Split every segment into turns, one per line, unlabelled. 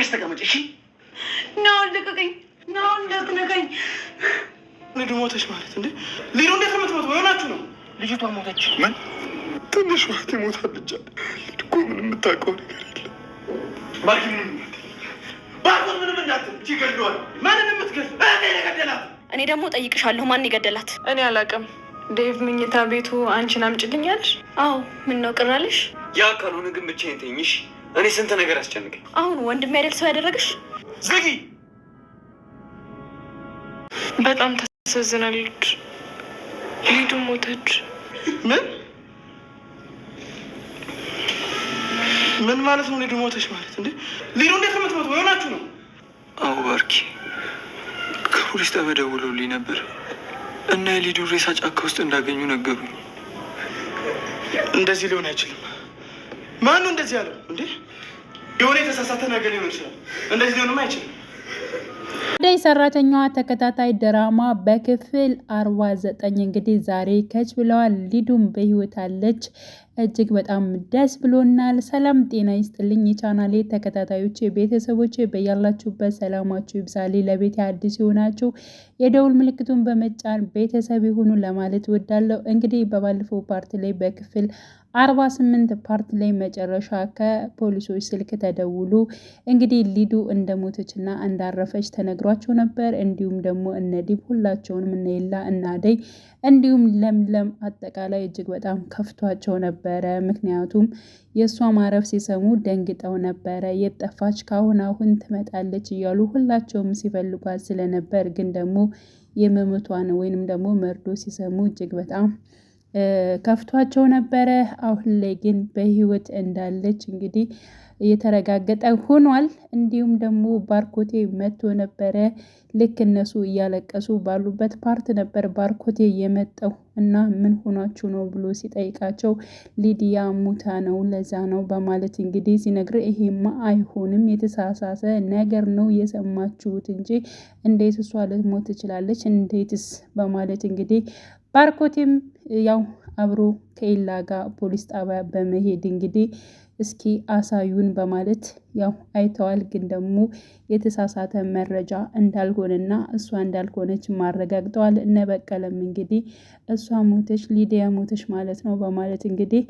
አርፈሽ ተቀመጭ። እሺ
ናሁን ልቀቀኝ፣ ናሁን እንዳትነካኝ።
ልዱ ሞተች ማለት እንዴ? ልዱ እንዴት የምትሞት ሆናችሁ ነው? ልጅቷ ሞተች። ምን ትንሽ ዋት ሞታ ብቻ ልድኮ ምን የምታውቀው ነገር የለም። ባርኪ ምንም ባርኮት ምንም እንዳትል ይገድለዋል።
ማንን የምትገል ገደላት። እኔ ደግሞ ጠይቅሻለሁ፣ ማን ይገደላት? እኔ አላውቅም። ዴቭ ምኝታ ቤቱ አንቺን አምጭልኛል። አዎ ምን ነው
ቅራልሽ? ያ ካልሆነ ግን ብቻዬን ተኝሽ
እኔ ስንት ነገር አስጨንቀኝ። አሁን ወንድም አይደል ሰው
ያደረግሽ? ዝጊ።
በጣም ታሳዝናለች።
ሊዱ ሞተች። ምን ምን ማለት ነው? ሊዱ ሞተች ማለት እንዴ? ሊዱ እንዴት የምትሞት ሆናችሁ ነው? አዎ ባርኪ፣ ከፖሊስ ጣቢያ ደውለውልኝ ነበር እና የሊዱ ሬሳ ጫካ ውስጥ እንዳገኙ ነገሩኝ። እንደዚህ ሊሆን አይችልም። ማን ነው እንደዚህ ያለው እንዴ? የሆነ የተሳሳተ ነገር ሊሆን ይችላል። እንደዚህ
ሊሆንም አይችልም። አደይ ሰራተኛዋ ተከታታይ ድራማ በክፍል አርባ ዘጠኝ እንግዲህ ዛሬ ከች ብለዋል። ሊዱም በህይወት አለች። እጅግ በጣም ደስ ብሎናል። ሰላም ጤና ይስጥልኝ የቻናሌ ተከታታዮች ቤተሰቦች በያላችሁበት ሰላማችሁ ይብዛሌ። ለቤት አዲስ የሆናችሁ የደውል ምልክቱን በመጫን ቤተሰብ የሆኑ ለማለት ወዳለው እንግዲህ በባለፈው ፓርት ላይ በክፍል 48 ፓርት ላይ መጨረሻ ከፖሊሶች ስልክ ተደውሎ እንግዲህ ሊዱ እንደሞተች እንደሞተችና እንዳረፈች ተነግሯቸው ነበር። እንዲሁም ደግሞ እነዲብ ሁላቸውንም እነ ኤላ እናደይ እንዲሁም ለምለም አጠቃላይ እጅግ በጣም ከፍቷቸው ነበር። ነበረ። ምክንያቱም የእሷ ማረፍ ሲሰሙ ደንግጠው ነበረ። የጠፋች ካሁን አሁን ትመጣለች እያሉ ሁላቸውም ሲፈልጓት ስለነበር ግን ደግሞ የመሞቷን ወይንም ደግሞ መርዶ ሲሰሙ እጅግ በጣም ከፍቷቸው ነበረ። አሁን ላይ ግን በህይወት እንዳለች እንግዲህ እየተረጋገጠ ሆኗል። እንዲሁም ደግሞ ባርኮቴ መጥቶ ነበረ። ልክ እነሱ እያለቀሱ ባሉበት ፓርት ነበር ባርኮቴ የመጣው እና ምን ሆኗችሁ ነው ብሎ ሲጠይቃቸው ሊዲያ ሙታ ነው ለዛ ነው በማለት እንግዲህ ሲነግር ይሄማ አይሆንም፣ የተሳሳሰ ነገር ነው የሰማችሁት እንጂ እንዴት እሷ ልትሞት ትችላለች? እንዴትስ በማለት እንግዲህ ባርኮቴም ያው አብሮ ከኤላ ጋር ፖሊስ ጣቢያ በመሄድ እንግዲህ እስኪ አሳዩን በማለት ያው አይተዋል። ግን ደግሞ የተሳሳተ መረጃ እንዳልሆነና እሷ እንዳልሆነች ማረጋግጠዋል። እነ በቀለም እንግዲህ እሷ ሞተች፣ ሊዲያ ሞተች ማለት ነው በማለት እንግዲህ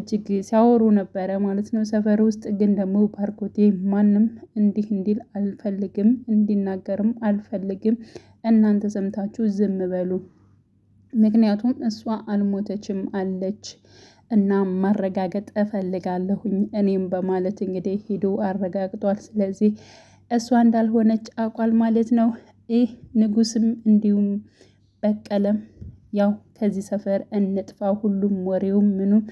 እጅግ ሲያወሩ ነበረ ማለት ነው ሰፈር ውስጥ። ግን ደግሞ ባርኮቴ ማንም እንዲህ እንዲል አልፈልግም፣ እንዲናገርም አልፈልግም፣ እናንተ ሰምታችሁ ዝም በሉ ምክንያቱም እሷ አልሞተችም አለች እና ማረጋገጥ እፈልጋለሁኝ እኔም በማለት እንግዲህ ሂዶ አረጋግጧል። ስለዚህ እሷ እንዳልሆነች አቋል ማለት ነው። ይህ ንጉስም እንዲሁም በቀለም ያው ከዚህ ሰፈር እንጥፋ፣ ሁሉም ወሬውም ምኑም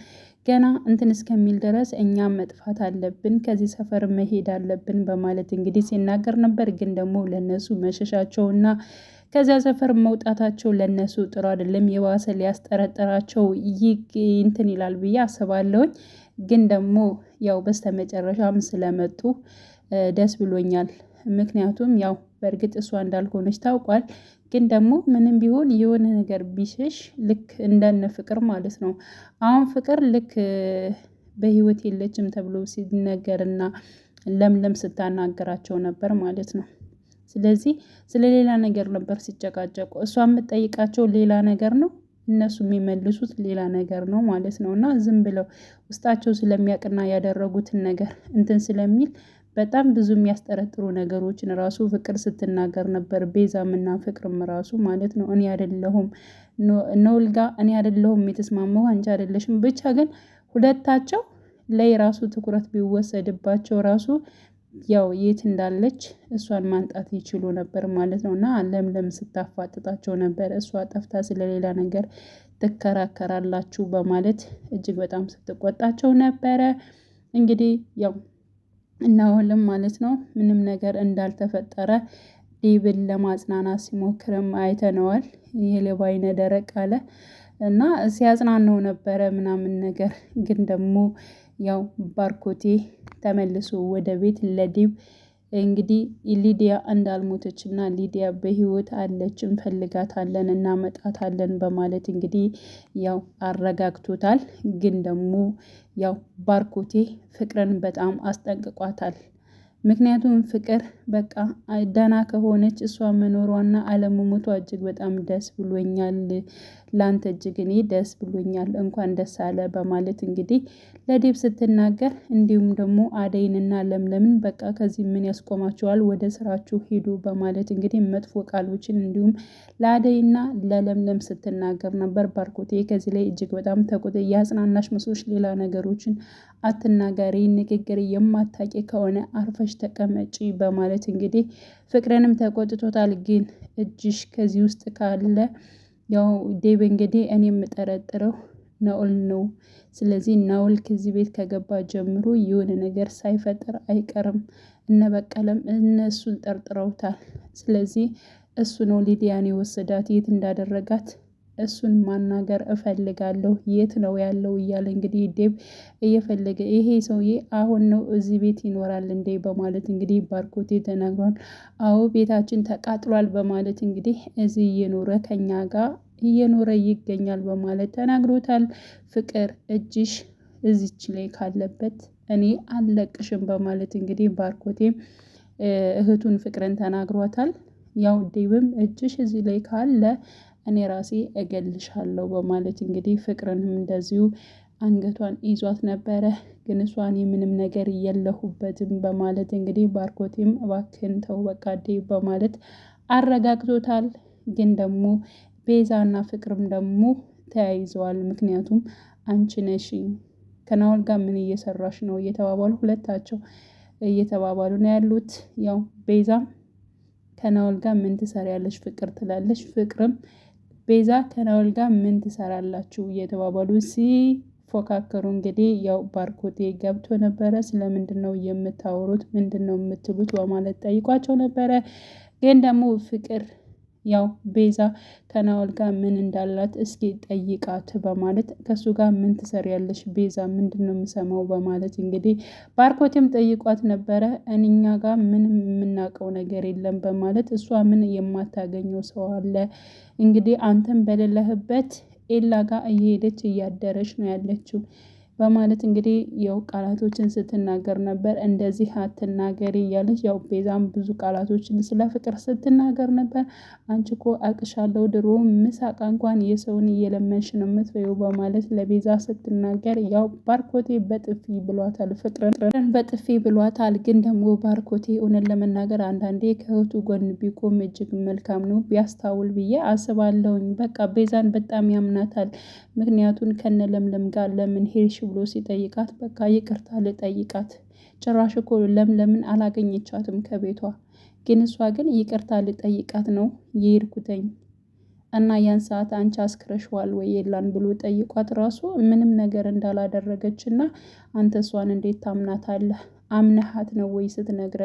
ገና እንትን እስከሚል ድረስ እኛ መጥፋት አለብን፣ ከዚህ ሰፈር መሄድ አለብን በማለት እንግዲህ ሲናገር ነበር። ግን ደግሞ ለእነሱ መሸሻቸውና ከዚያ ሰፈር መውጣታቸው ለነሱ ጥሩ አይደለም፣ የባሰ ሊያስጠረጠራቸው እንትን ይላል ብዬ አስባለሁኝ። ግን ደግሞ ያው በስተመጨረሻም ስለመጡ ደስ ብሎኛል። ምክንያቱም ያው በእርግጥ እሷ እንዳልሆነች ታውቋል። ግን ደግሞ ምንም ቢሆን የሆነ ነገር ቢሸሽ ልክ እንደነ ፍቅር ማለት ነው። አሁን ፍቅር ልክ በህይወት የለችም ተብሎ ሲነገርና ለምለም ስታናገራቸው ነበር ማለት ነው። ስለዚህ ስለ ሌላ ነገር ነበር ሲጨቃጨቁ። እሷ የምትጠይቃቸው ሌላ ነገር ነው፣ እነሱ የሚመልሱት ሌላ ነገር ነው ማለት ነው። እና ዝም ብለው ውስጣቸው ስለሚያቅና ያደረጉትን ነገር እንትን ስለሚል በጣም ብዙ የሚያስጠረጥሩ ነገሮችን ራሱ ፍቅር ስትናገር ነበር። ቤዛምና ፍቅርም ራሱ ማለት ነው እኔ አይደለሁም ነውልጋ እኔ አይደለሁም የተስማማሁ አንቺ አይደለሽም ብቻ ግን ሁለታቸው ላይ ራሱ ትኩረት ቢወሰድባቸው ራሱ ያው የት እንዳለች እሷን ማንጣት ይችሉ ነበር ማለት ነው። እና ለምለም ስታፋጥጣቸው ነበር እሷ ጠፍታ ስለሌላ ነገር ትከራከራላችሁ በማለት እጅግ በጣም ስትቆጣቸው ነበረ። እንግዲህ ያው እናሆልም ማለት ነው ምንም ነገር እንዳልተፈጠረ ዴብን ለማጽናናት ሲሞክርም አይተነዋል። የሌባ አይነ ደረቅ አለ እና ሲያጽናነው ነበረ ምናምን ነገር ግን ደግሞ ያው ባርኮቴ ተመልሶ ወደ ቤት ለዲብ እንግዲህ ሊዲያ እንዳልሞተች እና ሊዲያ በህይወት አለች እንፈልጋታለን እናመጣታለን በማለት እንግዲህ ያው አረጋግቶታል። ግን ደግሞ ያው ባርኮቴ ፍቅርን በጣም አስጠንቅቋታል። ምክንያቱም ፍቅር በቃ ደህና ከሆነች እሷ መኖሯና አለመሞቷ እጅግ በጣም ደስ ብሎኛል። ላንተ እጅግ እኔ ደስ ብሎኛል እንኳን ደስ አለ በማለት እንግዲህ ለዴብ ስትናገር፣ እንዲሁም ደግሞ አደይንና ለምለምን በቃ ከዚህ ምን ያስቆማችኋል ወደ ስራችሁ ሂዱ በማለት እንግዲህ መጥፎ ቃሎችን እንዲሁም ለአደይና ለለምለም ስትናገር ነበር። ባርኮቴ ከዚህ ላይ እጅግ በጣም ተቁጥ የአጽናናሽ መስሎች ሌላ ነገሮችን አትናገሪ፣ ንግግር የማታቂ ከሆነ አርፈሽ ተቀመጪ በማለት እንግዲህ ፍቅርንም ተቆጥቶታል። ግን እጅሽ ከዚህ ውስጥ ካለ ያው ዴብ እንግዲህ እኔ የምጠረጥረው ናኦል ነው። ስለዚህ ናኦል ከዚህ ቤት ከገባ ጀምሮ የሆነ ነገር ሳይፈጥር አይቀርም። እነ በቀለም እነሱን ጠርጥረውታል። ስለዚህ እሱ ነው ሊዲያን የወሰዳት የት እንዳደረጋት እሱን ማናገር እፈልጋለሁ የት ነው ያለው እያለ እንግዲህ ዴብ እየፈለገ ይሄ ሰውዬ አሁን ነው እዚህ ቤት ይኖራል እንዴ በማለት እንግዲህ ባርኮቴ ተናግሯል። አዎ ቤታችን ተቃጥሏል በማለት እንግዲህ እዚህ እየኖረ ከኛ ጋር እየኖረ ይገኛል በማለት ተናግሮታል። ፍቅር እጅሽ እዚች ላይ ካለበት እኔ አለቅሽም በማለት እንግዲህ ባርኮቴ እህቱን ፍቅርን ተናግሯታል። ያው ዴብም እጅሽ እዚህ ላይ ካለ እኔ ራሴ እገልሻለሁ በማለት እንግዲህ ፍቅርንም እንደዚሁ አንገቷን ይዟት ነበረ። ግን እሷን የምንም ምንም ነገር የለሁበትም በማለት እንግዲህ ባርኮቴም እባክህን ተው በቃዴ በማለት አረጋግቶታል። ግን ደግሞ ቤዛና ፍቅርም ደግሞ ተያይዘዋል። ምክንያቱም አንቺ ነሽ ከናወል ጋር ምን እየሰራሽ ነው እየተባባሉ ሁለታቸው እየተባባሉ ነው ያሉት። ያው ቤዛም ከናወል ጋር ምን ትሰሪያለሽ ፍቅር ትላለች። ፍቅርም ቤዛ ከናኦል ጋር ምን ትሰራላችሁ እየተባባሉ ሲፎካከሩ እንግዲህ ያው ባርኮቴ ገብቶ ነበረ። ስለምንድን ነው የምታወሩት? ምንድን ነው የምትሉት? በማለት ጠይቋቸው ነበረ ግን ደግሞ ፍቅር ያው ቤዛ ከናወል ጋር ምን እንዳላት እስኪ ጠይቃት በማለት ከእሱ ጋር ምን ትሰሪያለሽ ቤዛ፣ ምንድን ነው የምሰማው በማለት እንግዲህ ባርኮቴም ጠይቋት ነበረ። እኛ ጋር ምንም የምናውቀው ነገር የለም በማለት እሷ ምን የማታገኘው ሰው አለ እንግዲህ አንተም በሌለህበት ኤላ ጋር እየሄደች እያደረች ነው ያለችው በማለት እንግዲህ ያው ቃላቶችን ስትናገር ነበር። እንደዚህ አትናገሪ እያለች ያው ቤዛም ብዙ ቃላቶችን ስለ ፍቅር ስትናገር ነበር። አንቺ እኮ አቅሻለሁ ድሮ ምሳቃ እንኳን የሰውን እየለመንሽ ነው የምትበይው በማለት ለቤዛ ስትናገር ያው ባርኮቴ በጥፊ ብሏታል። ፍቅርን በጥፊ ብሏታል። ግን ደግሞ ባርኮቴ እውነን ለመናገር አንዳንዴ ከእህቱ ጎን ቢቆም እጅግ መልካም ነው ቢያስታውል ብዬ አስባለሁኝ። በቃ ቤዛን በጣም ያምናታል። ምክንያቱን ከነ ለምለም ጋር ለምን ሄድሽ ብሎ ሲጠይቃት በቃ ይቅርታ ልጠይቃት ጭራሽ እኮ ለምለምን አላገኘቻትም ከቤቷ ግን እሷ ግን ይቅርታ ልጠይቃት ነው የሄድኩተኝ እና ያን ሰዓት አንቺ አስክረሽዋል ወይ የላን ብሎ ጠይቋት ራሱ ምንም ነገር እንዳላደረገች እና አንተ እሷን እንዴት ታምናታለህ አምነሃት ነው ወይ ስትነግረ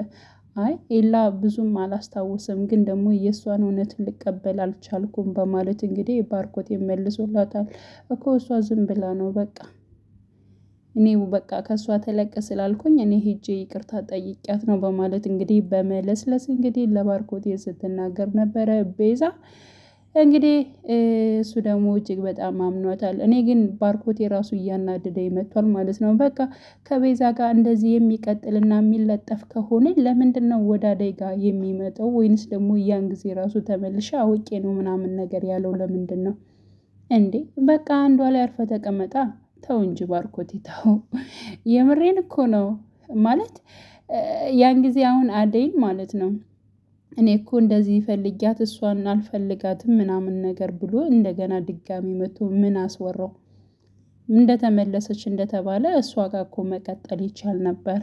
አይ ኤላ ብዙም አላስታውስም ግን ደግሞ የእሷን እውነት ልቀበል አልቻልኩም በማለት እንግዲህ ባርኮት ይመልሶላታል እኮ እሷ ዝም ብላ ነው በቃ እኔ በቃ ከእሷ ተለቀ ስላልኩኝ እኔ ሄጄ ይቅርታ ጠይቂያት ነው በማለት እንግዲህ በመለስለስ እንግዲህ ለባርኮቴ ስትናገር ነበረ ቤዛ። እንግዲህ እሱ ደግሞ እጅግ በጣም አምኗታል። እኔ ግን ባርኮቴ ራሱ እያናደደ ይመቷል ማለት ነው። በቃ ከቤዛ ጋር እንደዚህ የሚቀጥልና የሚለጠፍ ከሆነ ለምንድን ነው ወደ አደይ ጋር የሚመጣው? ወይንስ ደግሞ እያን ጊዜ ራሱ ተመልሸ አውቄ ነው ምናምን ነገር ያለው ለምንድን ነው እንዴ? በቃ አንዷ ላይ አርፈ ተቀመጣ ተው እንጂ ባርኮቴ ተው፣ የምሬን እኮ ነው ማለት ያን ጊዜ አሁን አደይን ማለት ነው እኔ እኮ እንደዚህ ይፈልጊያት እሷን አልፈልጋትም ምናምን ነገር ብሎ እንደገና ድጋሚ መቶ ምን አስወራው? እንደተመለሰች እንደተባለ እሷ ጋር እኮ መቀጠል ይቻል ነበረ።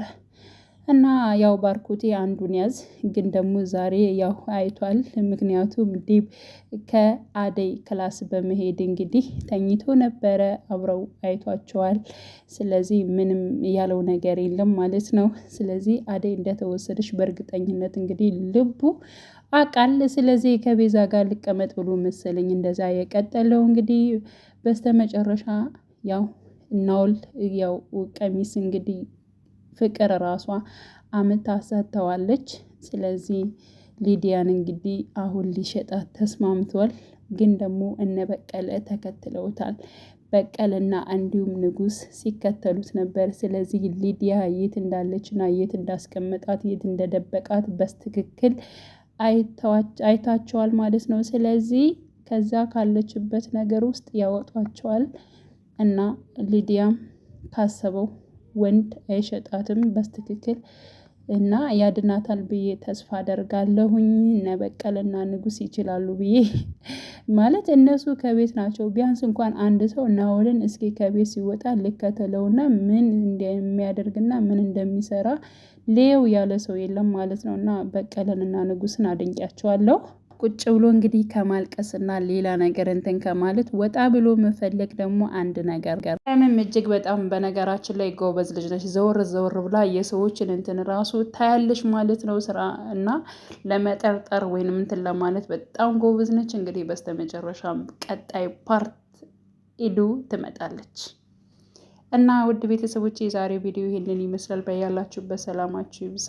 እና ያው ባርኮቴ አንዱን ያዝ ግን ደግሞ ዛሬ ያው አይቷል። ምክንያቱም ዲብ ከአደይ ክላስ በመሄድ እንግዲህ ተኝቶ ነበረ አብረው አይቷቸዋል። ስለዚህ ምንም ያለው ነገር የለም ማለት ነው። ስለዚህ አደይ እንደተወሰደች በእርግጠኝነት እንግዲህ ልቡ አቃል። ስለዚህ ከቤዛ ጋር ልቀመጥ ብሎ መሰለኝ እንደዛ የቀጠለው እንግዲህ በስተመጨረሻ ያው ናውል ያው ቀሚስ እንግዲህ ፍቅር ራሷ አምታ ሰጥተዋለች። ስለዚህ ሊዲያን እንግዲህ አሁን ሊሸጣት ተስማምቷል። ግን ደግሞ እነ በቀለ ተከትለውታል። በቀለና እንዲሁም ንጉስ ሲከተሉት ነበር። ስለዚህ ሊዲያ የት እንዳለችና የት እንዳስቀመጣት የት እንደደበቃት በስትክክል አይታቸዋል ማለት ነው። ስለዚህ ከዛ ካለችበት ነገር ውስጥ ያወጧቸዋል እና ሊዲያም ካሰበው ወንድ አይሸጣትም በስትክክል እና ያድናታል ብዬ ተስፋ አደርጋለሁኝ። እነ ንጉስ ይችላሉ ብዬ ማለት እነሱ ከቤት ናቸው። ቢያንስ እንኳን አንድ ሰው ናኦልን እስኪ ከቤት ሲወጣ ልከተለውና ምን እንደሚያደርግና ምን እንደሚሰራ ሌው ያለ ሰው የለም ማለት ነው። እና በቀለንና ንጉስን አድንቂያቸዋለሁ። ቁጭ ብሎ እንግዲህ ከማልቀስና ሌላ ነገር እንትን ከማለት ወጣ ብሎ መፈለግ ደግሞ አንድ ነገር ጋር ምንም እጅግ በጣም በነገራችን ላይ ጎበዝ ልጅ ነች። ዘወር ዘወር ብላ የሰዎችን እንትን ራሱ ታያለች ማለት ነው። ስራ እና ለመጠርጠር ወይንም እንትን ለማለት በጣም ጎበዝ ነች። እንግዲህ በስተመጨረሻም ቀጣይ ፓርት ኢዱ ትመጣለች። እና ውድ ቤተሰቦች የዛሬ ቪዲዮ ይህንን ይመስላል። በያላችሁበት ሰላማችሁ ይብዛ።